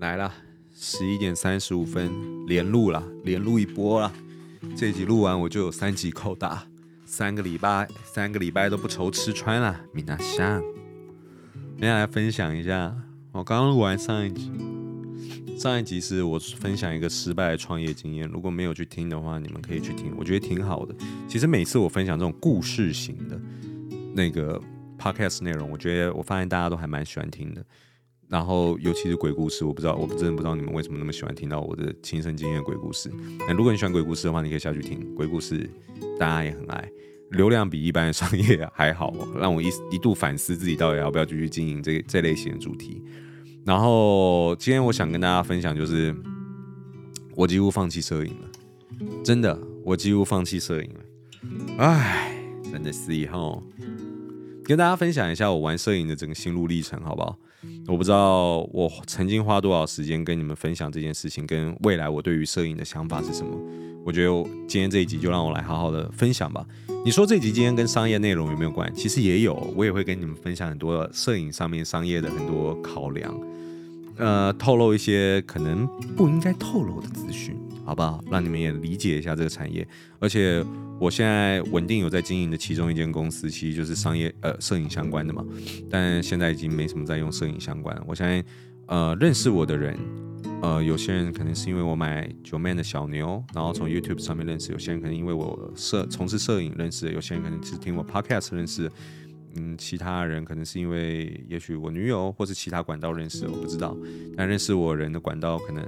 來了，十一點三十五分，連錄了，連錄一波了。這集錄完我就有三集扣打，打三個禮拜，三個禮拜都不愁吃穿了。米娜香，接下來分享一下，我、哦、剛，剛錄完上一集，上一集是我分享一個失敗的創業經驗。如果沒有去聽的話，你們可以去聽，我覺得挺好的。其實每次我分享這種故事型的那個 podcast 內容，我覺得我發現大家都還蠻喜歡聽的。然後，尤其是鬼故事，我不知道，我真的不知道你們為什麼那麼喜歡聽到我的親身經驗鬼故事。那、哎、如果你喜歡鬼故事的話，你可以下去聽鬼故事，大家也很愛，流量比一般的商業還好，哦，讓我一一度反思自己到底要不要繼續經營這這類型的主題。然後今天我想跟大家分享，就是我幾乎放棄攝影了，真的，我幾乎放棄攝影了，哎，真的是吼，跟大家分享一下我玩攝影的整個心路歷程，好不好？我不知道我曾經花多少時間跟你們分享這件事情，跟未來我對於攝影的想法是什麼。我覺得今天這一集就讓我來好好的分享吧。你說這集今天跟商業內容有沒有關？其實也有，我也會跟你們分享很多攝影上面商業的很多考量，呃，透露一些可能不應該透露的資訊。好不好？讓你們也理解一下這個產業。而且我現在穩定有在經營的其中一間公司，其實就是商業呃攝影相關的嘛。但現在已經沒什麼在用攝影相關。我相信呃認識我的人，呃有些人可能是因為我買九萬的小牛，然後從 YouTube 上面認識；有些人可能因為我攝從事攝影認識；有些人可能只聽我 Podcast 認識。嗯，其他人可能是因為也許我女友或是其他管道認識，我不知道。但認識我的人的管道可能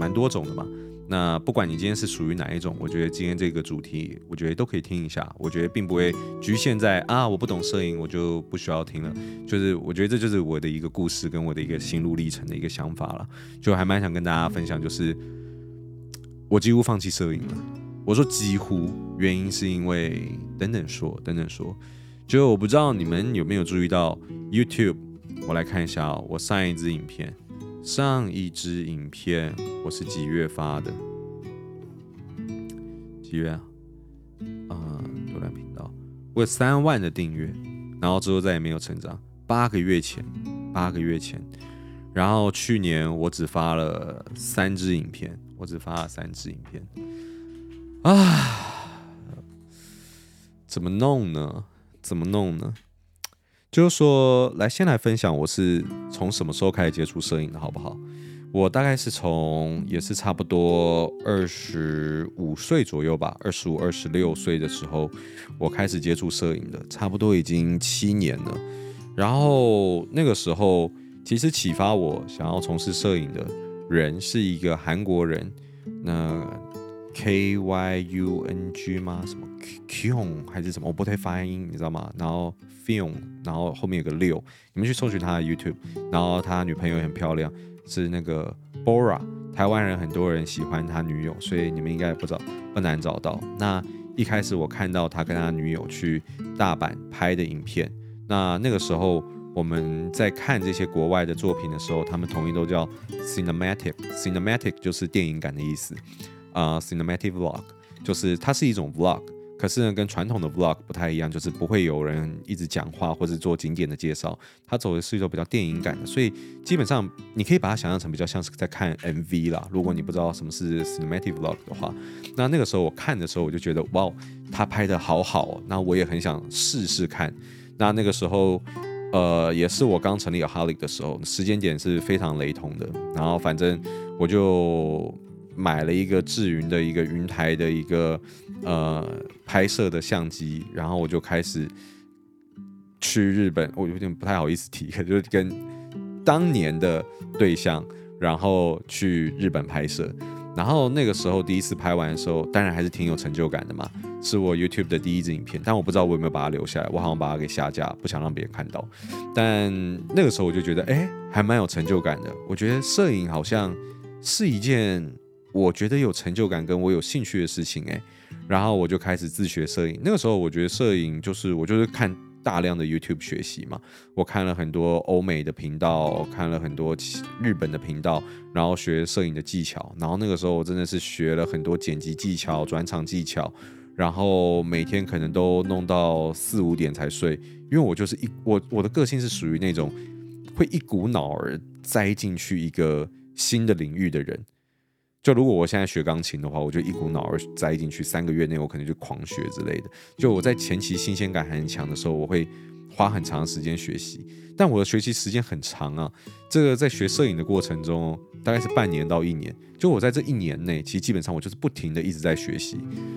蠻多種的吧。那不管你今天是屬於哪一種，我覺得今天這個主題，我覺得都可以聽一下。我覺得並不會局限在啊，我不懂攝影，我就不需要聽了。就是我覺得這就是我的一個故事，跟我的一個心路歷程的一個想法了。就還蠻想跟大家分享，就是我幾乎放棄攝影了。我說幾乎，原因是因為等等說，等等說，就我不知道你們有沒有注意到 YouTube。我來看一下哦，我上一支影片。上一支影片我是幾月發的？幾月啊？啊、嗯，瀏覽頻道，我有三萬的訂閱，然後之後再也沒有成長。八個月前，八個月前，然後去年我只發了三支影片，我只發了三支影片。啊，怎麼弄呢？怎麼弄呢？就是說，來先來分享，我是從什麼時候開始接觸攝影的，好不好？我大概是從也是差不多二十五歲左右吧，二十五、二十六歲的時候，我開始接觸攝影的，差不多已經七年了。然後那個時候，其實啟發我想要從事攝影的人是一個韓國人，那。K Y U N G 嗎？什麼 k, k i n 還是什麼？我不太發音，你知道嗎？然後 film，然後後面有個六。你們去搜尋他的 YouTube，然後他女朋友很漂亮，是那個 Bora。台灣人很多人喜歡他女友，所以你們應該不找不難找到。那一開始我看到他跟他女友去大阪拍的影片，那那個時候我們在看這些國外的作品的時候，他們統一都叫 cinematic，cinematic cin 就是電影感的意思。啊、uh，cinematic vlog 就是它是一種 vlog，可是呢，跟傳統的 vlog 不太一樣，就是不會有人一直講話或者做景點的介紹，它走的是一種比較電影感的，所以基本上你可以把它想象成比較像是在看 MV 啦。如果你不知道什麼是 cinematic vlog 的話，那那個時候我看的時候，我就覺得哇，他拍得好好哦，那我也很想試試看。那那個時候，呃，也是我剛成立有 Holic 的時候，時間點是非常雷同的。然後反正我就。買了一個智雲的一個雲台的一個呃拍攝的相機，然後我就開始去日本，我有點不太好意思提，就是跟當年的對象，然後去日本拍攝。然後那個時候第一次拍完的時候，當然還是挺有成就感的嘛，是我 YouTube 的第一支影片。但我不知道我有沒有把它留下來，我好像把它給下架，不想讓別人看到。但那個時候我就覺得，哎、欸，還蠻有成就感的。我覺得攝影好像是一件。我覺得有成就感跟我有興趣的事情，欸，誒，然後我就開始自學攝影。那個時候，我覺得攝影就是我就是看大量的 YouTube 學習嘛，我看了很多歐美的頻道，看了很多日本的頻道，然後學攝影的技巧。然後那個時候，我真的是學了很多剪輯技巧、轉場技巧，然後每天可能都弄到四五點才睡，因為我就是一我我的個性是屬於那種會一股腦兒栽進去一個新的領域的人。就如果我現在學鋼琴的話，我就一股腦兒栽進去，三個月內我可能就狂學之類的。就我在前期新鮮感很強的時候，我會花很長時間學習，但我的學習時間很長啊。這個在學攝影的過程中，大概是半年到一年。就我在這一年內，其實基本上我就是不停地一直在學習，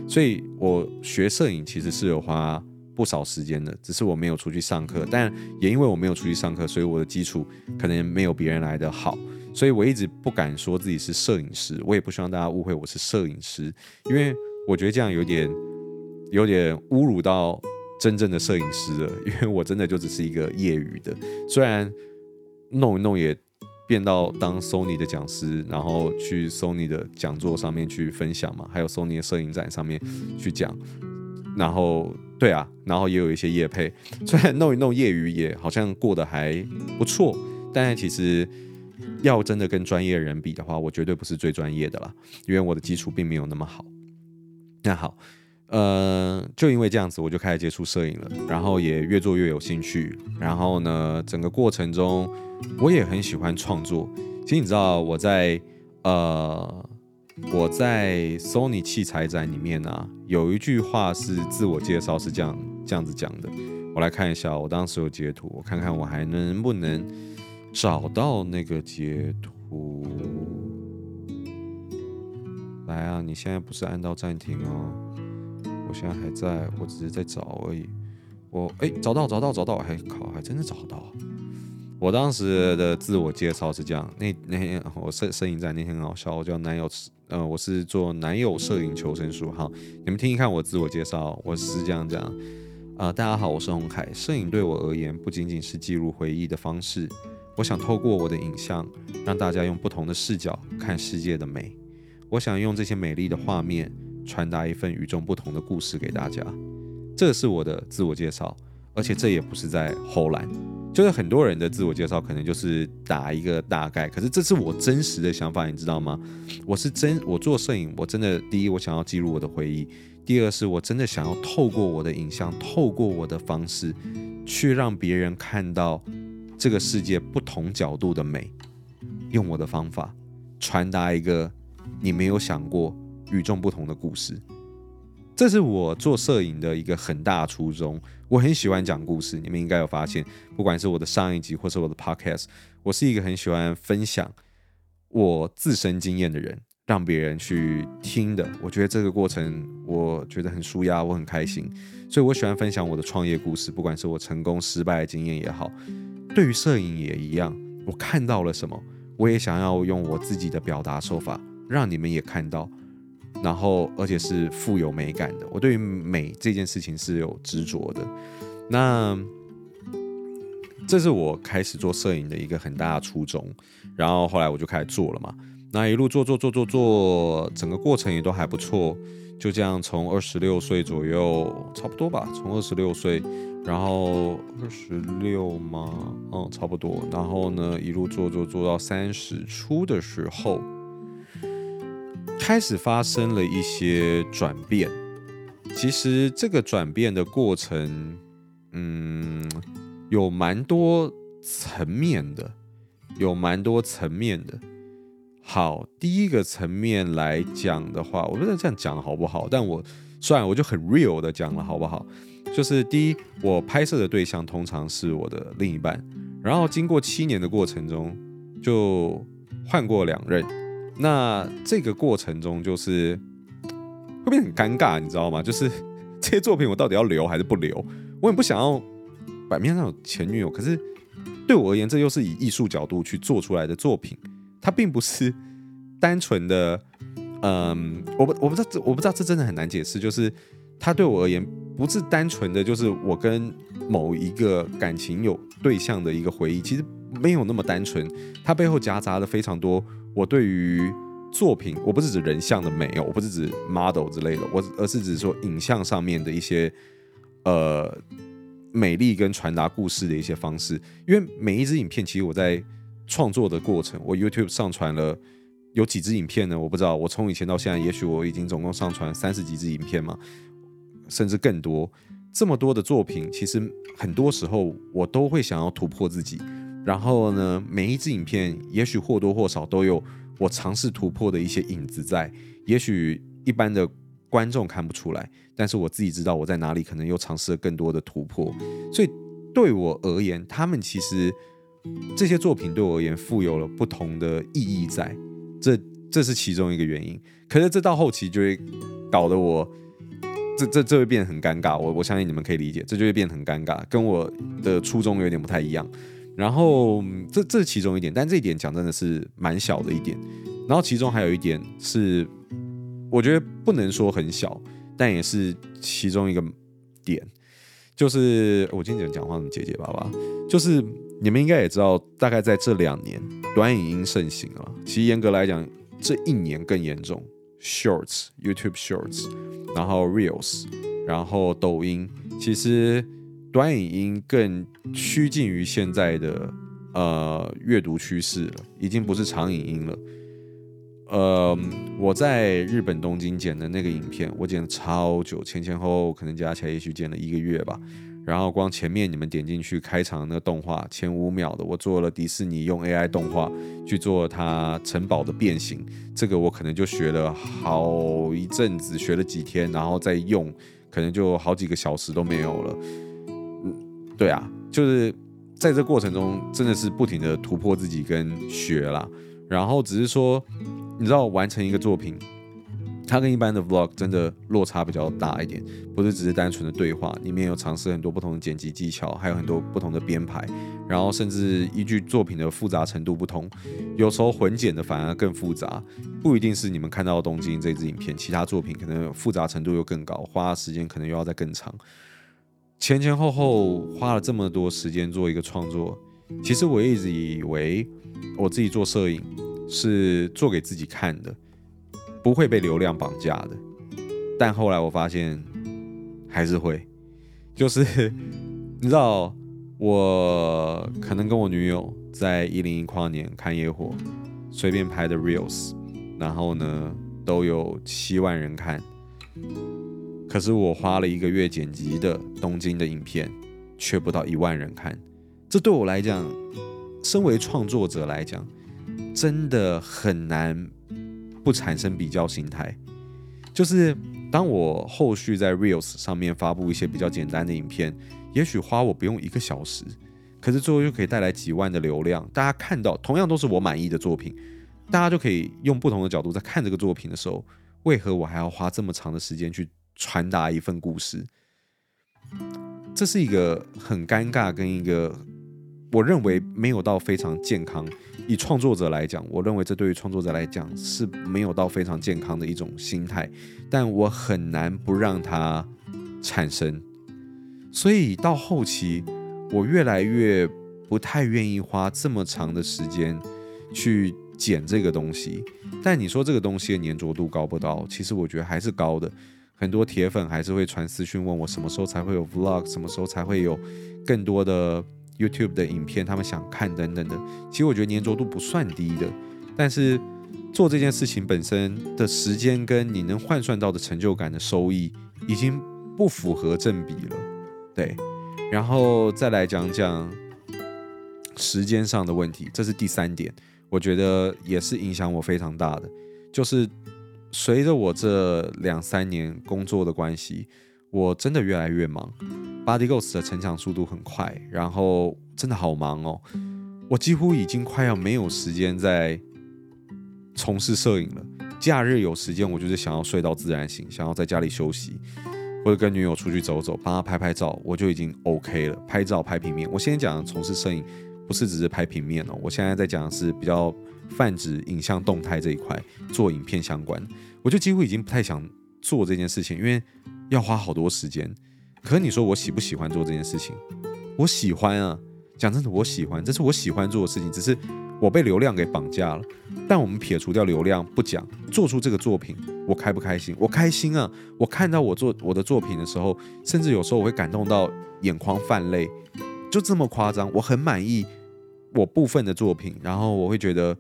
所以我學攝影其實是有花不少時間的，只是我沒有出去上課，但也因為我沒有出去上課，所以我的基礎可能沒有別人來得好。所以我一直不敢說自己是攝影師，我也不希望大家誤會我是攝影師，因為我覺得這樣有點有點侮辱到真正的攝影師了。因為我真的就只是一個業餘的，雖然弄一弄也變到當 Sony 的講師，然後去 Sony 的講座上面去分享嘛，還有 Sony 的攝影展上面去講。然後對啊，然後也有一些業配，雖然弄一弄業餘也好像過得還不錯，但其實。要真的跟專業人比的話，我絕對不是最專業的啦，因為我的基礎並沒有那麼好。那好，呃，就因為這樣子，我就開始接觸攝影了，然後也越做越有興趣。然後呢，整個過程中我也很喜歡創作。其實你知道我在呃我在 Sony 器材展裡面啊，有一句話是自我介紹是這樣這樣子講的，我來看一下，我當時有截圖，我看看我還能不能。找到那個截圖，來啊！你現在不是按到暫停哦？我現在還在，我只是在找而已我。我哎，找到，找到，找到！哎靠，還真的找到！我當時的自我介紹是這樣：那那天我攝攝影展，那天很好笑，我叫男友，呃，我是做男友攝影求生術。哈，你們聽一看我自我介紹，我是這樣講：啊、呃，大家好，我是洪凱。攝影對我而言，不僅僅是記錄回憶的方式。我想透過我的影像，讓大家用不同的視角看世界的美。我想用這些美麗的畫面，傳達一份與眾不同的故事給大家。這是我的自我介紹，而且這也不是在偷懶。就是很多人的自我介紹，可能就是打一個大概，可是這是我真實的想法，你知道嗎？我是真，我做攝影，我真的第一，我想要記錄我的回憶；第二，是我真的想要透過我的影像，透過我的方式，去讓別人看到。這個世界不同角度的美，用我的方法傳達一個你沒有想過與眾不同的故事，這是我做攝影的一個很大初衷。我很喜歡講故事，你們應該有發現，不管是我的上一集或是我的 Podcast，我是一個很喜歡分享我自身經驗的人，讓別人去聽的。我覺得這個過程，我覺得很舒壓，我很開心，所以我喜歡分享我的創業故事，不管是我成功失敗的經驗也好。對於攝影也一樣，我看到了什麼，我也想要用我自己的表達手法讓你們也看到，然後而且是富有美感的。我對於美這件事情是有執着的，那這是我開始做攝影的一個很大的初衷，然後後來我就開始做了嘛。那一路做做做做做，整個過程也都還不錯。就這樣，從二十六歲左右，差不多吧，從二十六歲，然後二十六嘛，嗯，差不多。然後呢，一路做做做到三十初的時候，開始發生了一些轉變。其實這個轉變的過程，嗯，有蠻多層面的，有蠻多層面的。好，第一個層面來講的話，我不知道這樣講好不好？但我算我就很 real 的講了，好不好？就是第一，我拍攝的對象通常是我的另一半，然後經過七年的過程中，就換過兩任。那這個過程中就是會變得很尷尬，你知道嗎？就是這些作品我到底要留還是不留？我也不想要版面上有前女友，可是對我而言，這又是以藝術角度去做出來的作品。它並不是單純的，嗯，我不我不知道這我不知道這真的很難解釋，就是它對我而言不是單純的，就是我跟某一個感情有對象的一個回憶，其實沒有那麼單純，它背後夾雜了非常多我對於作品，我不是指人像的美哦，我不是指 model 之類的，我而是指說影像上面的一些呃美麗跟傳達故事的一些方式，因為每一支影片，其實我在。創作的過程，我 YouTube 上傳了有幾支影片呢？我不知道。我從以前到現在，也許我已經總共上傳三十幾支影片嘛，甚至更多。這麼多的作品，其實很多時候我都會想要突破自己。然後呢，每一支影片，也許或多或少都有我嘗試突破的一些影子在。也許一般的觀眾看不出來，但是我自己知道我在哪裡，可能又嘗試了更多的突破。所以對我而言，他們其實。這些作品對我而言富有了不同的意義在，在這，這是其中一個原因。可是這到後期就會搞得我這，這就會變得很尷尬。我我相信你們可以理解，這就會變得很尷尬，跟我的初衷有點不太一樣。然後這，這是其中一點，但這一點講真的是蠻小的一點。然後其中還有一點是，我覺得不能說很小，但也是其中一個點，就是我今天講話怎麼結結巴巴，就是。你們應該也知道，大概在這兩年，短影音盛行了。其實嚴格來講，這一年更嚴重。Shorts、YouTube Shorts，然後 Reels，然後抖音，其實短影音更趨近於現在的呃閱讀趨勢了，已經不是長影音了。呃，我在日本東京剪的那個影片，我剪了超久，前前後後可能加起來，也許剪了一個月吧。然後光前面你們點進去開場的那個動畫前五秒的，我做了迪士尼用 AI 動畫去做它城堡的變形，這個我可能就學了好一陣子，學了幾天，然後再用，可能就好幾個小時都沒有了。嗯，對啊，就是在這過程中真的是不停地突破自己跟學啦，然後只是說，你知道完成一個作品。它跟一般的 vlog 真的落差比較大一點，不是只是單純的對話，裡面有嘗試很多不同的剪輯技巧，還有很多不同的編排，然後甚至依據作品的複雜程度不同，有時候混剪的反而更複雜，不一定是你們看到的東京這支影片，其他作品可能複雜程度又更高，花的時間可能又要再更長，前前後後花了這麼多時間做一個創作，其實我一直以為我自己做攝影是做給自己看的。不會被流量綁架的，但後來我發現還是會，就是你知道，我可能跟我女友在一零一跨年看煙火，隨便拍的 reels，然後呢都有七萬人看，可是我花了一個月剪輯的東京的影片卻不到一萬人看，這對我來講，身為創作者來講，真的很難。不產生比較心態，就是當我後續在 Reels 上面發布一些比較簡單的影片，也許花我不用一個小時，可是最後又可以帶來幾萬的流量。大家看到同樣都是我滿意的作品，大家就可以用不同的角度在看這個作品的時候，為何我還要花這麼長的時間去傳達一份故事？這是一個很尷尬跟一個。我認為沒有到非常健康，以創作者來講，我認為這對於創作者來講是沒有到非常健康的一種心態，但我很難不讓它產生，所以到後期我越來越不太願意花這麼長的時間去剪這個東西。但你說這個東西的粘着度高不高？其實我覺得還是高的，很多鐵粉還是會傳私訊問我什麼時候才會有 Vlog，什麼時候才會有更多的。YouTube 的影片，他們想看等等的，其實我覺得粘着度不算低的，但是做這件事情本身的時間跟你能換算到的成就感的收益已經不符合正比了，對。然後再來講講時間上的問題，這是第三點，我覺得也是影響我非常大的，就是隨着我這兩三年工作的關係，我真的越來越忙。Body Ghost 的成長速度很快，然後真的好忙哦！我幾乎已經快要沒有時間再從事攝影了。假日有時間，我就是想要睡到自然醒，想要在家裡休息，或者跟女友出去走走，幫她拍拍照，我就已經 OK 了。拍照拍平面，我現在講的從事攝影不是只是拍平面哦，我現在在講的是比較泛指影像動態這一塊，做影片相關，我就幾乎已經不太想做這件事情，因為要花好多時間。可你說我喜不喜歡做這件事情？我喜歡啊！講真的，我喜歡，這是我喜歡做的事情。只是我被流量給綁架了。但我們撇除掉流量不講，做出這個作品，我開不開心？我開心啊！我看到我做我的作品的時候，甚至有時候我會感動到眼眶泛淚，就這麼誇張。我很滿意我部分的作品，然後我會覺得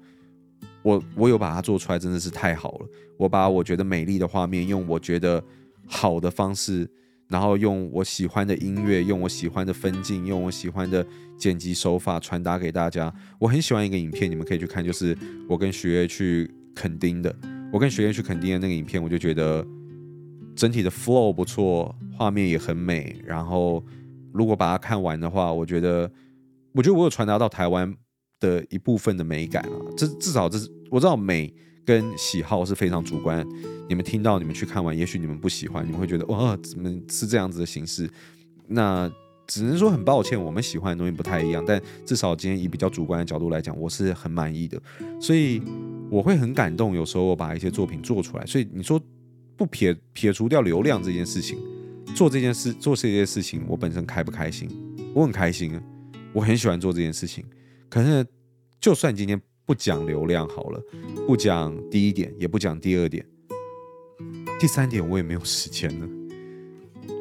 我我有把它做出來，真的是太好了。我把我覺得美麗的畫面，用我覺得好的方式。然後用我喜歡的音樂，用我喜歡的分鏡，用我喜歡的剪輯手法傳達給大家。我很喜歡一個影片，你們可以去看，就是我跟徐悅去墾丁的，我跟徐悅去墾丁的那個影片，我就覺得整體的 flow 不錯，畫面也很美。然後如果把它看完的話，我覺得，我覺得我有傳達到台灣的一部分的美感啊，這至少這是我知道美。跟喜好是非常主觀，你們聽到，你們去看完，也許你們不喜歡，你們會覺得哇，怎麼是這樣子的形式？那只能說很抱歉，我們喜歡的東西不太一樣。但至少今天以比較主觀的角度來講，我是很滿意的，所以我會很感動。有時候我把一些作品做出來，所以你說不撇撇除掉流量這件事情，做這件事做這些事情，我本身開不開心？我很開心，我很喜歡做這件事情。可是就算今天。不講流量好了，不講第一點，也不講第二點，第三點我也沒有時間了。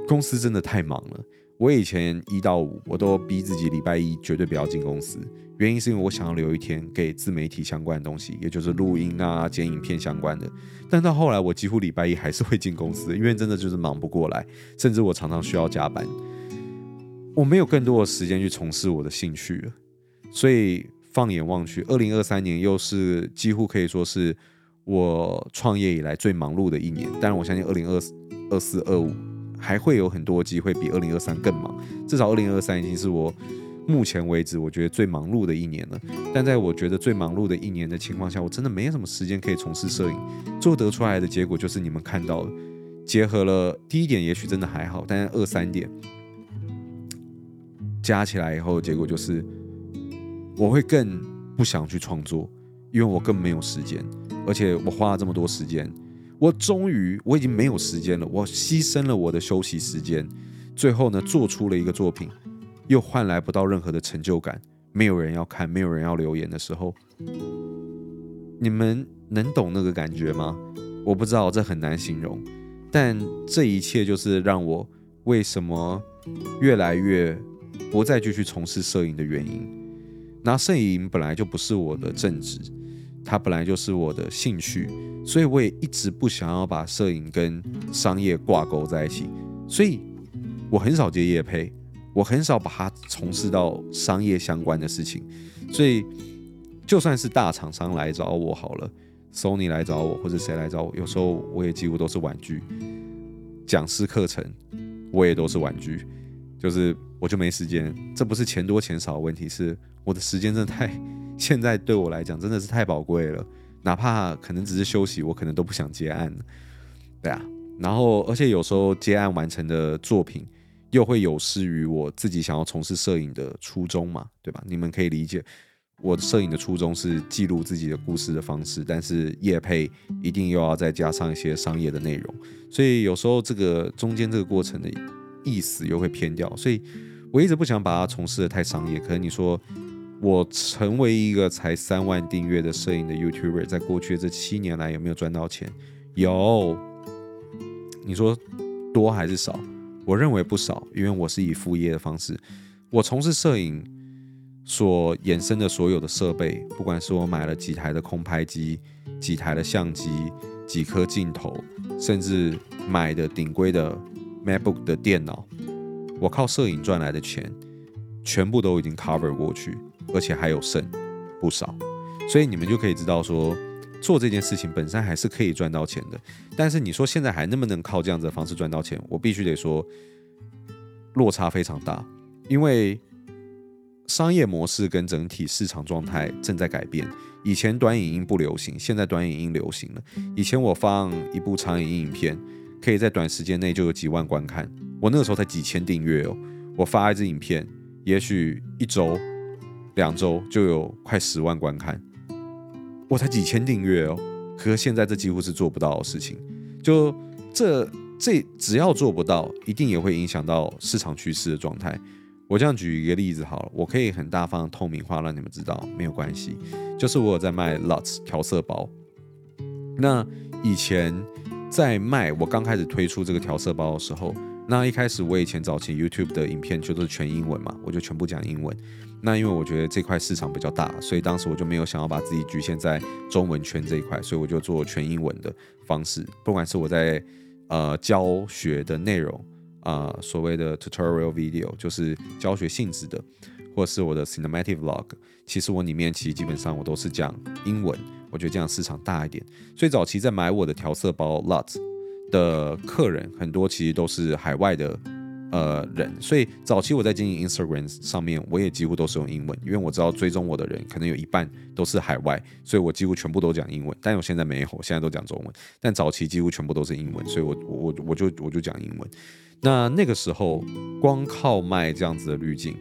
公司真的太忙了。我以前一到五我都逼自己禮拜一絕對不要進公司，原因是因為我想要留一天給自媒體相關的東西，也就是錄音啊、剪影片相關的。但到後來，我幾乎禮拜一還是會進公司，因為真的就是忙不過來，甚至我常常需要加班。我沒有更多的時間去從事我的興趣了，所以，放眼望去，二零二三年又是幾乎可以說是我創業以來最忙碌的一年。但是我相信二零二四、二四、二五還會有很多機會比二零二三更忙。至少二零二三已經是我目前為止我覺得最忙碌的一年了。但在我覺得最忙碌的一年的情況下，我真的沒什麼時間可以從事攝影，做得出來的結果就是你們看到的。結合了第一點，也許真的還好，但是二三點加起來以後，結果就是。我會更不想去創作，因為我更沒有時間，而且我花了這麼多時間，我終於我已經沒有時間了，我犧牲了我的休息時間，最後呢，做出了一個作品，又換來不到任何的成就感，沒有人要看，沒有人要留言的時候，你們能懂那個感覺嗎？我不知道，這很難形容，但這一切就是讓我為什麼越來越不再繼續從事攝影的原因。那攝影本來就不是我的正職，它本來就是我的興趣，所以我也一直不想要把攝影跟商業掛鈎在一起，所以我很少接業配，我很少把它從事到商業相關的事情，所以就算是大廠商來找我好了，Sony 來找我或者誰來找我，有時候我也幾乎都是婉拒，講師課程我也都是婉拒，就是。我就沒時間，這不是錢多錢少的問題，是我的時間真的太，現在對我來講真的是太寶貴了。哪怕可能只是休息，我可能都不想接案。對啊，然後而且有時候接案完成的作品，又會有失於我自己想要從事攝影的初衷嘛，對吧？你們可以理解，我攝影的初衷是記錄自己的故事的方式，但是業配一定又要再加上一些商業的內容，所以有時候這個中間這個過程的。意思又會偏掉，所以我一直不想把它從事的太商業。可是你說我成為一個才三萬訂閱的攝影的 YouTuber，在過去的這七年來有沒有賺到錢？有，你說多還是少？我認為不少，因為我是以副業的方式，我從事攝影所衍生的所有的設備，不管是我買了幾台的空拍機、幾台的相機、幾顆鏡頭，甚至買的頂規的。MacBook 的電腦，我靠攝影賺來的錢，全部都已經 cover 過去，而且還有剩不少。所以你們就可以知道說，做這件事情本身還是可以賺到錢的。但是你說現在還能不能靠這樣子的方式賺到錢，我必須得說，落差非常大。因為商業模式跟整體市場狀態正在改變。以前短影音不流行，現在短影音流行了。以前我放一部長影音影片。可以在短時間內就有幾萬觀看，我那個時候才幾千訂閱哦。我發一支影片，也許一週、兩週就有快十萬觀看，我才幾千訂閱哦。可是現在這幾乎是做不到的事情，就這這只要做不到，一定也會影響到市場趨勢的狀態。我這樣舉一個例子好了，我可以很大方的透明化讓你們知道，沒有關係。就是我有在賣 LUTs 調色包，那以前。在賣，我剛開始推出這個調色包的時候，那一開始我以前早期 YouTube 的影片，就都是全英文嘛，我就全部講英文。那因為我覺得這塊市場比較大，所以當時我就沒有想要把自己局限在中文圈這一塊，所以我就做全英文的方式。不管是我在呃教學的內容啊、呃，所謂的 tutorial video，就是教學性質的，或者是我的 cinematic vlog，其實我裡面其實基本上我都是講英文。我覺得這樣市場大一點，所以早期在買我的調色包 LUT 的客人很多，其實都是海外的呃人。所以早期我在經營 Instagram 上面，我也幾乎都是用英文，因為我知道追蹤我的人可能有一半都是海外，所以我幾乎全部都講英文。但我現在沒有，現在都講中文。但早期幾乎全部都是英文，所以我我我就我就講英文。那那個時候光靠賣這樣子的濾鏡，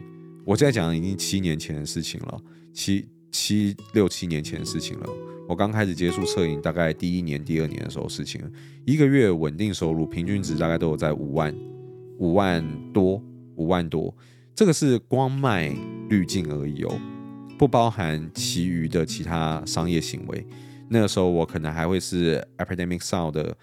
我現在講已經七年前的事情了，七七六七年前的事情了。我剛開始接觸攝影大概第一年、第二年的時候事情，一個月穩定收入平均值大概都有在五萬、五萬多、五萬多。這個是光賣濾鏡而已哦，不包含其餘的其他商業行為。那個時候我可能還會是 Epidemic Sound 的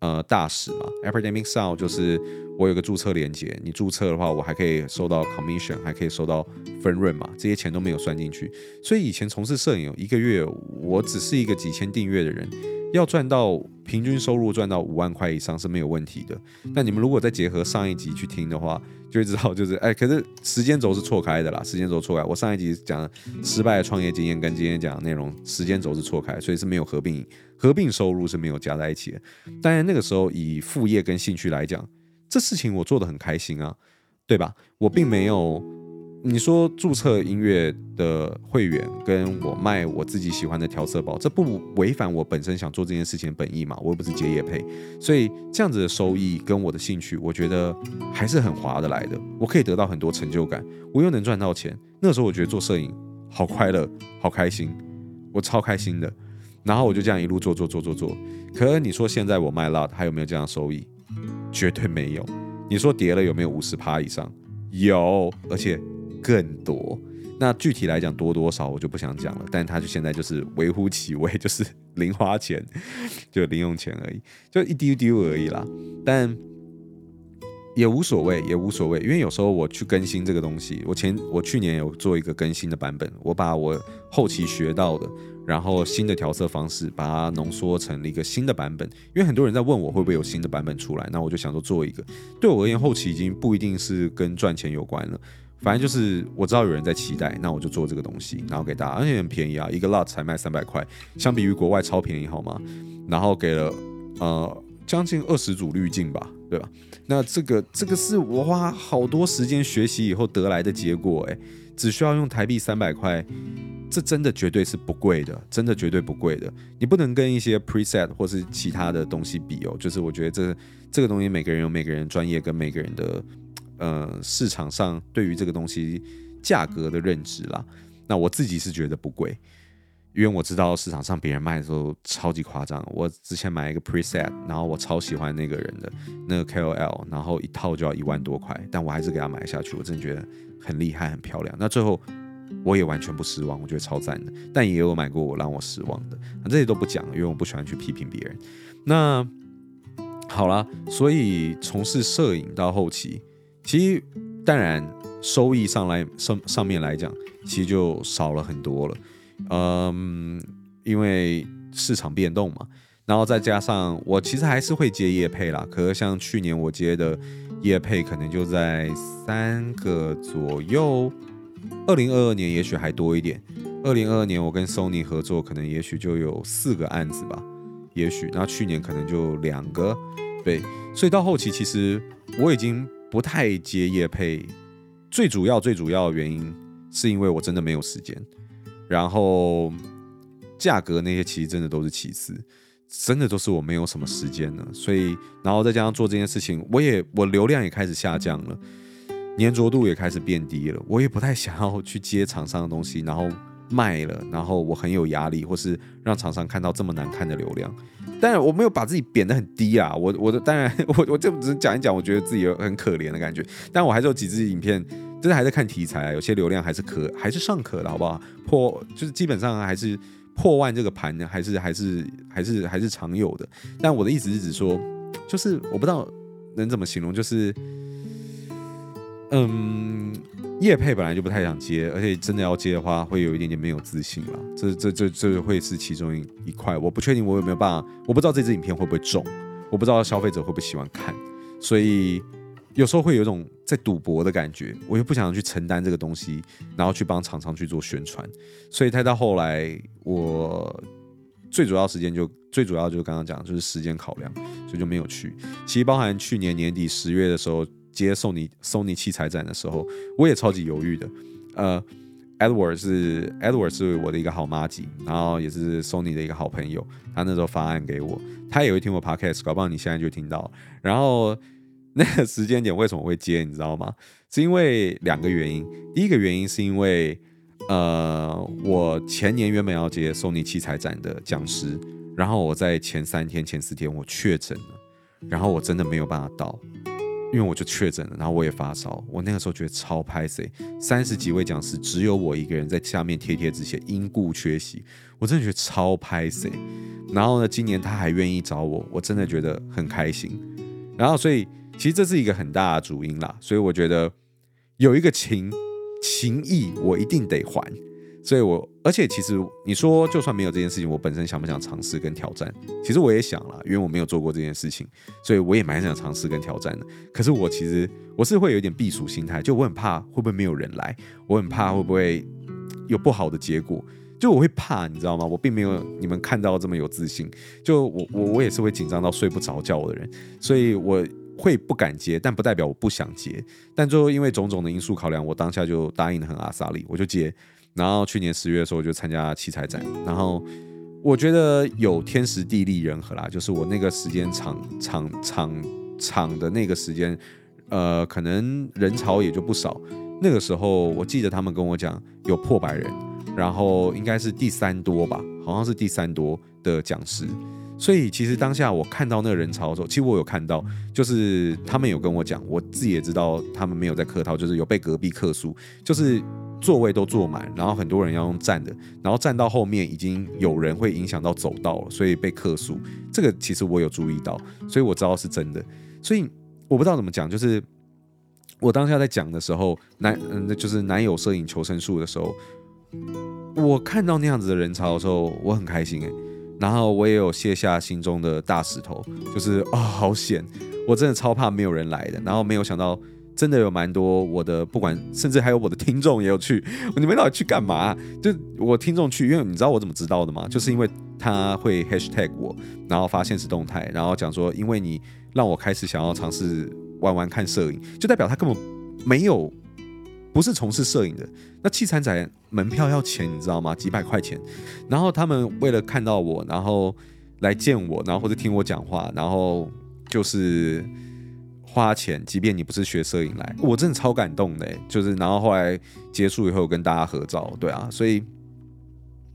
呃大使嘛，Epidemic Sound 就是。我有個注冊鏈接，你註冊的話，我還可以收到 commission，還可以收到分潤嘛。這些錢都沒有算進去，所以以前從事攝影，一個月我只是一個幾千訂閱的人，要賺到平均收入賺到五萬塊以上是沒有問題的。那你們如果再結合上一集去聽的話，就會知道就是哎、欸，可是時間軸是錯開的啦，時間軸錯開。我上一集講失敗的創業經驗，跟今天講的內容時間軸是錯開，所以是沒有合併，合併收入是沒有加在一起的。當然那個時候以副業跟興趣來講。這事情我做得很開心啊，對吧？我並沒有你說註冊音樂的會員跟我賣我自己喜歡的調色包，這不違反我本身想做這件事情的本意嘛？我又不是接業配，所以這樣子的收益跟我的興趣，我覺得還是很划得來的。我可以得到很多成就感，我又能賺到錢。那時候我覺得做攝影好快樂，好開心，我超開心的。然後我就這樣一路做做做做做。可你說現在我賣 LUT，還有沒有這樣的收益？絕對沒有，你說跌了有沒有五十趴以上？有，而且更多。那具體來講多多少，我就不想講了。但他就現在就是微乎其微，就是零花錢，就零用錢而已，就一丟丟而已啦。但也無所謂，也無所謂，因為有時候我去更新這個東西，我前我去年有做一個更新的版本，我把我後期學到的。然後新的調色方式把它濃縮成了一個新的版本，因為很多人在問我會不會有新的版本出來，那我就想說做一個。對我而言，後期已經不一定是跟賺錢有關了，反正就是我知道有人在期待，那我就做這個東西，然後給大家，而、啊、且很便宜啊，一個 LUT 才賣三百塊，相比於國外超便宜好嗎？然後給了呃將近二十組濾鏡吧，對吧？那這個這個是我花好多時間學習以後得來的結果，欸，哎，只需要用台幣三百塊。這真的絕對是不貴的，真的絕對不貴的。你不能跟一些 preset 或是其他的東西比哦。就是我覺得這這個東西，每個人有每個人專業跟每個人的呃市場上對於這個東西價格的認知啦。那我自己是覺得不貴，因為我知道市場上別人賣的時候超級誇張。我之前買一個 preset，然後我超喜歡那個人的那個 KOL，然後一套就要一萬多塊，但我還是給他買下去。我真的覺得很厲害，很漂亮。那最後。我也完全不失望，我覺得超讚的。但也有買過我讓我失望的，這些都不講，因為我不喜歡去批評別人。那好了，所以從事攝影到後期，其實當然收益上來上上面來講，其實就少了很多了。嗯，因為市場變動嘛，然後再加上我其實還是會接業配啦。可是像去年我接的業配，可能就在三個左右。二零二二年也許還多一點，二零二二年我跟 Sony 合作可能也許就有四個案子吧，也許，那去年可能就兩個，對，所以到後期其實我已經不太接業配，最主要最主要的原因是因為我真的沒有時間，然後價格那些其實真的都是其次，真的都是我沒有什麼時間了，所以然後再加上做這件事情，我也我流量也開始下降了。黏着度也開始變低了，我也不太想要去接廠商的東西，然後賣了，然後我很有壓力，或是讓廠商看到這麼難看的流量。但我沒有把自己貶得很低啊，我我的當然，我我這不只是講一講，我覺得自己有很可憐的感覺。但我還是有幾支影片，真的還在看題材啊，有些流量還是可，還是尚可的，好不好？破就是基本上還是破萬這個盤呢，還是還是還是還是常有的。但我的意思是指說，就是我不知道能怎麼形容，就是。嗯，業配本來就不太想接，而且真的要接的話，會有一點點沒有自信啦。這、這、這、這會是其中一一塊。我不確定我有沒有辦法，我不知道這支影片會不會中，我不知道消費者會不會喜歡看，所以有時候會有一種在賭博的感覺。我又不想去承擔這個東西，然後去幫廠商去做宣傳，所以他到後來，我最主要時間就最主要就是剛剛講，就是時間考量，所以就沒有去。其實包含去年年底十月的時候。接 Sony，Sony 器材展的時候，我也超級猶豫的。呃，Edward 是 Edward 是我的一個好麻吉，然後也是 Sony 的一個好朋友。他那時候發案給我，他也會聽我 podcast，搞不好你現在就聽到。然後那個時間點為什麼會接，你知道嗎？是因為兩個原因。第一個原因是因為，呃，我前年原本要接 Sony 器材展的講師，然後我在前三天、前四天我確診了，然後我真的沒有辦法到。因為我就確診了，然後我也發燒，我那個時候覺得超拍謝，三十幾位講師只有我一個人在下面貼貼紙寫因故缺席，我真的覺得超拍謝，然後呢，今年他還願意找我，我真的覺得很開心，然後所以其實這是一個很大的主因啦，所以我覺得有一個情情誼我一定得還，所以我。而且其實你說，就算沒有這件事情，我本身想不想嘗試跟挑戰？其實我也想了，因為我沒有做過這件事情，所以我也蠻想嘗試跟挑戰的。可是我其實我是會有點避暑心態，就我很怕會不會沒有人來，我很怕會不會有不好的結果，就我會怕，你知道嗎？我並沒有你們看到這麼有自信，就我我我也是會緊張到睡不着覺的人，所以我會不敢接，但不代表我不想接。但最後因為種種的因素考量，我當下就答應了很阿莎力，我就接。然後去年十月的時候，我就參加器材展，然後我覺得有天時地利人和啦，就是我那個時間場場場場的那個時間，呃，可能人潮也就不少。那個時候我記得他們跟我講有破百人，然後應該是第三多吧，好像是第三多的講師。所以其實當下我看到那個人潮的時候，其實我有看到，就是他們有跟我講，我自己也知道他們沒有在客套，就是有被隔壁客訴，就是。座位都坐滿，然後很多人要用站的，然後站到後面已經有人會影響到走道了，所以被客訴。這個其實我有注意到，所以我知道是真的。所以我不知道怎麼講，就是我當下在講的時候，男嗯，就是男友攝影求生術的時候，我看到那樣子的人潮的時候，我很開心誒、欸。然後我也有卸下心中的大石頭，就是哦好險，我真的超怕沒有人來的，然後沒有想到。真的有蠻多我的，不管甚至還有我的聽眾也有去，你們到底去幹嘛啊？就我聽眾去，因為你知道我怎麼知道的嗎？就是因為他會 hashtag 我，然後發現是動態，然後講說，因為你讓我開始想要嘗試玩玩看攝影，就代表他根本沒有不是從事攝影的。那器材展門票要錢，你知道嗎？幾百塊錢，然後他們為了看到我，然後來見我，然後或者聽我講話，然後就是。花錢，即便你不是學攝影來，我真的超感動的、欸。就是，然後後來結束以後，跟大家合照，對啊，所以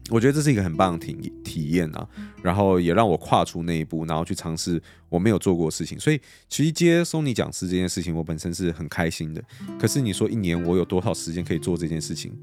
我覺得這是一個很棒的體體驗啊。然後也讓我跨出那一步，然後去嘗試我沒有做過的事情。所以，其實接 Sony 講師這件事情，我本身是很開心的。可是你說，一年我有多少時間可以做這件事情？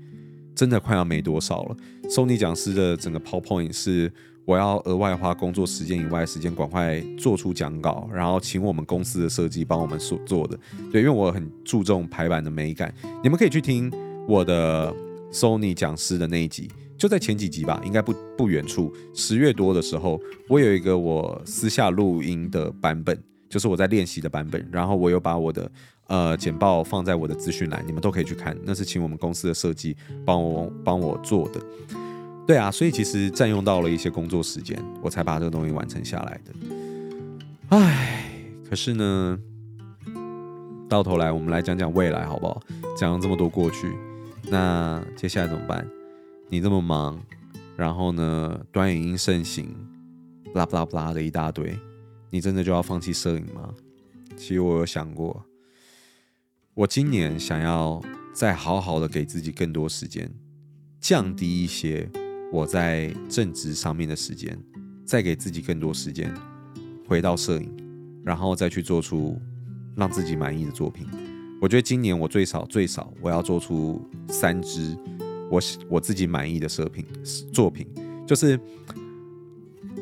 真的快要沒多少了。Sony 講師的整個 PowerPoint 是。我要額外花工作時間以外的時間，趕快做出講稿，然後請我們公司的設計幫我們所做的。對，因為我很注重排版的美感，你們可以去聽我的 Sony 講師的那一集，就在前幾集吧，應該不不遠處，十月多的時候，我有一個我私下錄音的版本，就是我在練習的版本，然後我有把我的呃簡報放在我的資訊欄，你們都可以去看，那是請我們公司的設計幫我幫我做的。對啊，所以其實占用到了一些工作時間，我才把這個東西完成下來的。唉，可是呢，到頭來我們來講講未來好不好？講了這麼多過去，那接下來怎麼辦？你這麼忙，然後呢，短影音盛行，巴拉巴拉巴拉的一大堆，你真的就要放棄攝影嗎？其實我有想過，我今年想要再好好的給自己更多時間，降低一些。我在正職上面的時間，再給自己更多時間，回到攝影，然後再去做出讓自己滿意的作品。我覺得今年我最少最少我要做出三支我我自己滿意的攝影作品。就是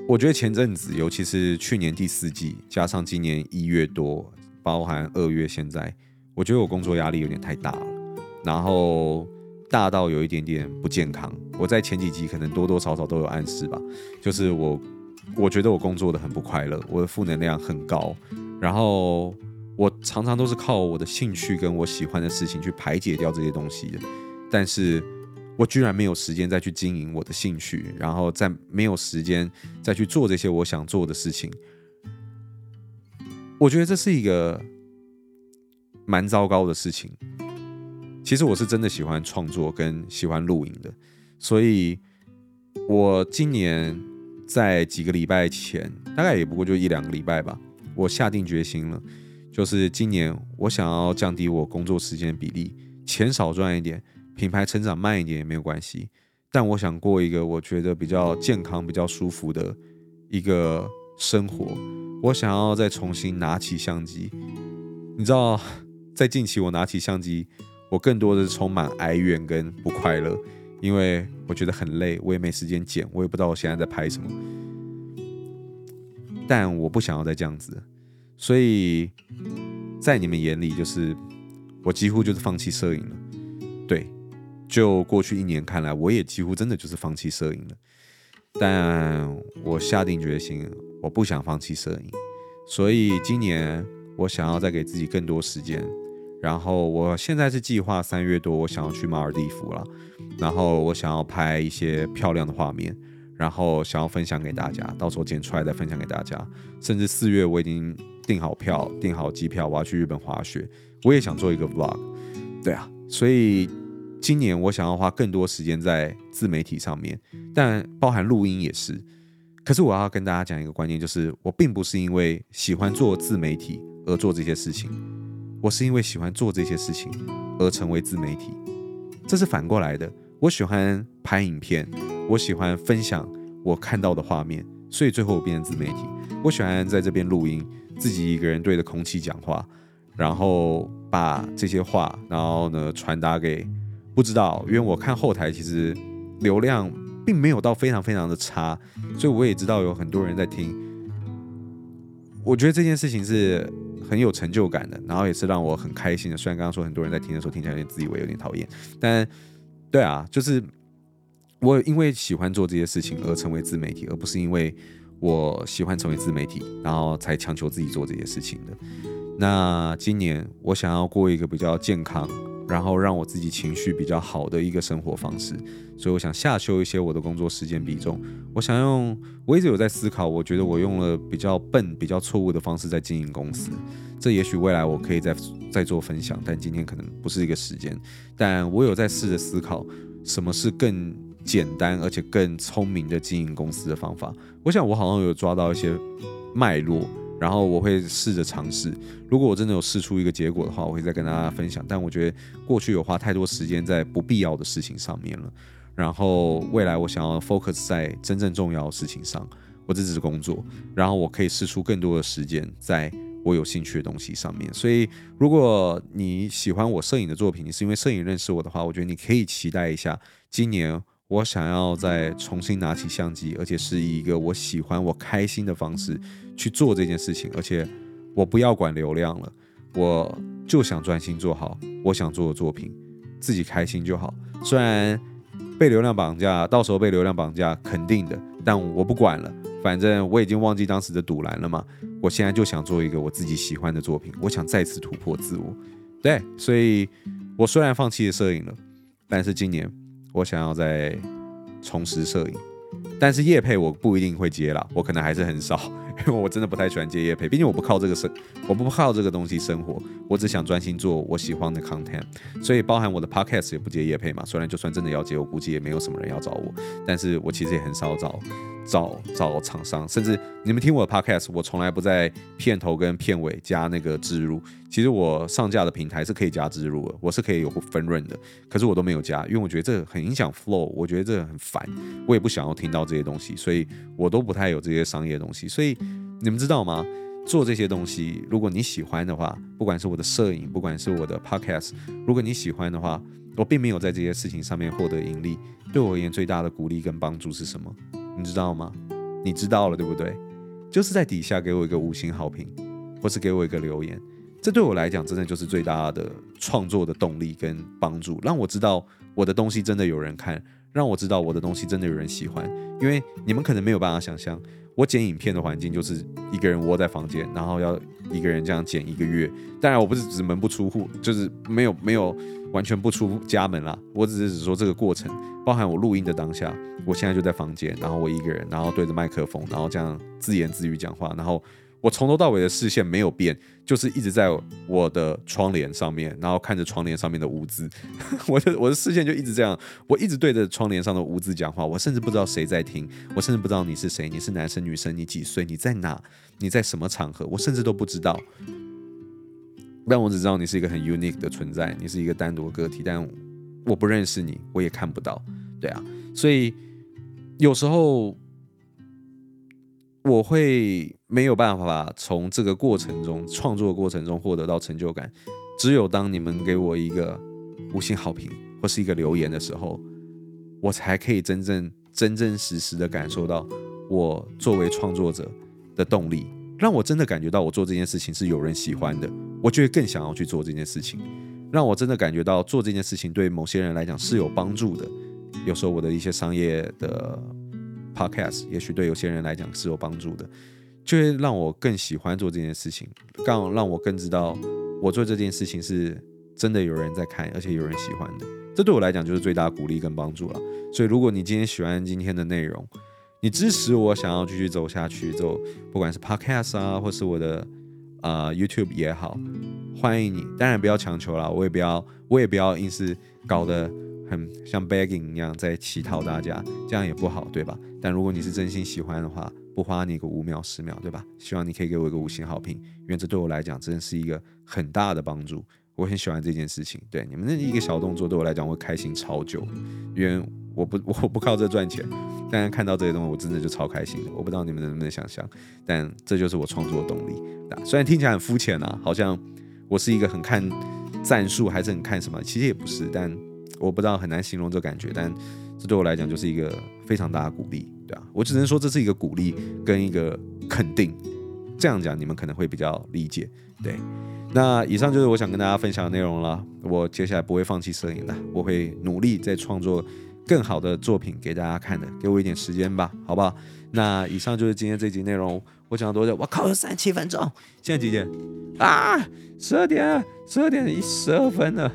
我覺得前陣子，尤其是去年第四季，加上今年一月多，包含二月，現在我覺得我工作壓力有點太大了，然後。大到有一點點不健康。我在前幾集可能多多少少都有暗示吧，就是我，我覺得我工作的很不快樂，我的負能量很高，然後我常常都是靠我的興趣跟我喜歡的事情去排解掉這些東西的。但是，我居然沒有時間再去經營我的興趣，然後再沒有時間再去做這些我想做的事情。我覺得這是一個蠻糟糕的事情。其實我是真的喜歡創作跟喜歡露營的，所以，我今年在幾個禮拜前，大概也不過就一兩個禮拜吧，我下定決心了，就是今年我想要降低我工作時間的比例，錢少賺一點，品牌成長慢一點也沒有關係，但我想過一個我覺得比較健康、比較舒服的一個生活，我想要再重新拿起相機，你知道，在近期我拿起相機。我更多的是充滿哀怨跟不快樂，因為我覺得很累，我也沒時間剪，我也不知道我現在在拍什麼。但我不想要再這樣子，所以在你們眼裡，就是我幾乎就是放棄攝影了。對，就過去一年看來，我也幾乎真的就是放棄攝影了。但我下定決心，我不想放棄攝影，所以今年我想要再給自己更多時間。然後我現在是計劃三月多，我想要去馬爾地夫了。然後我想要拍一些漂亮的畫面，然後想要分享給大家。到時候剪出來再分享給大家。甚至四月我已經訂好票，訂好機票，我要去日本滑雪。我也想做一個 vlog，對啊。所以今年我想要花更多時間在自媒體上面，但包含錄音也是。可是我要跟大家講一個觀念，就是我並不是因為喜歡做自媒體而做這些事情。我是因為喜歡做這些事情而成為自媒體，這是反過來的。我喜歡拍影片，我喜歡分享我看到的畫面，所以最後我變成自媒體。我喜歡在這邊錄音，自己一個人對着空氣講話，然後把這些話，然後呢傳達給不知道。因為我看後台，其實流量並沒有到非常非常的差，所以我也知道有很多人在聽。我覺得這件事情是。很有成就感的，然後也是讓我很開心的。雖然剛剛說很多人在聽的時候聽起來有點自以為有點討厭，但對啊，就是我因為喜歡做這些事情而成為自媒體，而不是因為我喜歡成為自媒體，然後才強求自己做這些事情的。那今年我想要過一個比較健康。然後讓我自己情緒比較好的一個生活方式，所以我想下修一些我的工作時間比重。我想用，我一直有在思考，我覺得我用了比較笨、比較錯誤的方式在經營公司。這也許未來我可以再再做分享，但今天可能不是一個時間。但我有在試着思考，什麼是更簡單而且更聰明的經營公司的方法。我想我好像有抓到一些脈絡。然後我會試着嘗試，如果我真的有試出一個結果的話，我會再跟大家分享。但我覺得過去有花太多時間在不必要的事情上面了，然後未來我想要 focus 在真正重要的事情上，我這只是工作，然後我可以試出更多的時間在我有興趣的東西上面。所以，如果你喜歡我攝影的作品，你是因為攝影認識我的話，我覺得你可以期待一下今年。我想要再重新拿起相機，而且是以一個我喜歡、我開心的方式去做這件事情。而且我不要管流量了，我就想專心做好我想做的作品，自己開心就好。雖然被流量綁架，到時候被流量綁架肯定的，但我不管了。反正我已經忘記當時的賭爛了嘛。我現在就想做一個我自己喜歡的作品，我想再次突破自我。對，所以我雖然放棄了攝影了，但是今年。我想要再重拾攝影，但是業配我不一定會接了，我可能還是很少，因為我真的不太喜歡接業配，畢竟我不靠這個生，我不靠這個東西生活，我只想專心做我喜歡的 content，所以包含我的 podcast 也不接業配嘛。雖然就算真的要接，我估計也沒有什麼人要找我，但是我其實也很少找找找廠商，甚至你們聽我的 podcast，我從來不在片頭跟片尾加那個置入。其實我上架的平台是可以加植入的，我是可以有分潤的，可是我都沒有加，因為我覺得這很影響 flow，我覺得這很煩，我也不想要聽到這些東西，所以我都不太有這些商業的東西。所以你們知道嗎？做這些東西，如果你喜歡的話，不管是我的攝影，不管是我的 podcast，如果你喜歡的話，我並沒有在這些事情上面獲得盈利。對我而言，最大的鼓勵跟幫助是什麼？你知道嗎？你知道了對不對？就是在底下給我一個五星好評，或是給我一個留言。這對我來講，真的就是最大的創作的動力跟幫助，讓我知道我的東西真的有人看，讓我知道我的東西真的有人喜歡。因為你們可能沒有辦法想象，我剪影片的環境就是一個人窩在房間，然後要一個人這樣剪一個月。當然，我不是指門不出戶，就是沒有沒有完全不出家門啦。我只是只說這個過程，包含我錄音的當下，我現在就在房間，然後我一個人，然後對着麥克風，然後這樣自言自語講話，然後。我從頭到尾的視線沒有變，就是一直在我的窗簾上面，然後看着窗簾上面的污漬， 我的我的視線就一直這樣，我一直對着窗簾上的污漬講話，我甚至不知道誰在聽，我甚至不知道你是誰，你是男生女生，你幾歲，你在哪，你在什麼場合，我甚至都不知道，但我只知道你是一個很 unique 的存在，你是一個單獨的個體，但我不認識你，我也看不到，對啊，所以有時候。我會沒有辦法從這個過程中創作過程中獲得到成就感。只有當你們給我一個五星好評或是一個留言的時候，我才可以真正真真實實的感受到我作為創作者的動力，讓我真的感覺到我做這件事情是有人喜歡的，我就會更想要去做這件事情，讓我真的感覺到做這件事情對某些人來講是有幫助的。有時候我的一些商業的。Podcast 也許對有些人來講是有幫助的，就會讓我更喜歡做這件事情，更讓我更知道我做這件事情是真的有人在看，而且有人喜歡的，這對我來講就是最大鼓勵跟幫助了。所以，如果你今天喜歡今天的內容，你支持我想要繼續走下去，走不管是 Podcast 啊，或是我的啊、呃、YouTube 也好，歡迎你。當然不要強求啦，我也不要，我也不要硬是搞得很像 begging 一樣在乞討大家，這樣也不好，對吧？但如果你是真心喜歡的話，不花你個五秒十秒，對吧？希望你可以給我一個五星好評，因為這對我來講真的是一個很大的幫助。我很喜歡這件事情，對你們那一個小動作對我來講，我會開心超久。因為我不我不靠這賺錢，但看到這些東西，我真的就超開心的。我不知道你們能不能想象，但這就是我創作的動力。雖然聽起來很膚淺啊，好像我是一個很看戰術，還是很看什麼？其實也不是，但我不知道，很難形容這個感覺。但這對我來講就是一個非常大的鼓勵，對吧、啊？我只能說，這是一個鼓勵跟一個肯定，這樣講你們可能會比較理解，對。那以上就是我想跟大家分享的內容了。我接下來不會放棄攝影的，我會努力再創作更好的作品給大家看的，給我一點時間吧，好吧？好？那以上就是今天這集內容。我講了多久？我靠了三十七分鐘。現在幾點？啊，十二點，十二點一十二分了。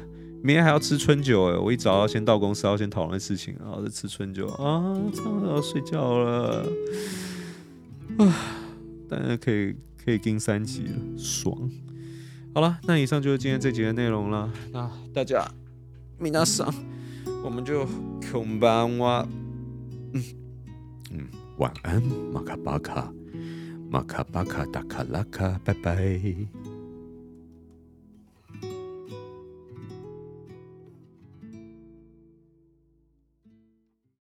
明天還要吃春酒哎！我一早要先到公司，要先討論事情，然後再吃春酒啊！差不多要睡覺了，啊！但是可以可以更三集了，爽！好了，那以上就是今天這集的內容了。那大家米娜桑我們就空班哇，嗯嗯，晚安，馬卡巴卡，馬卡巴卡達卡拉卡，拜拜。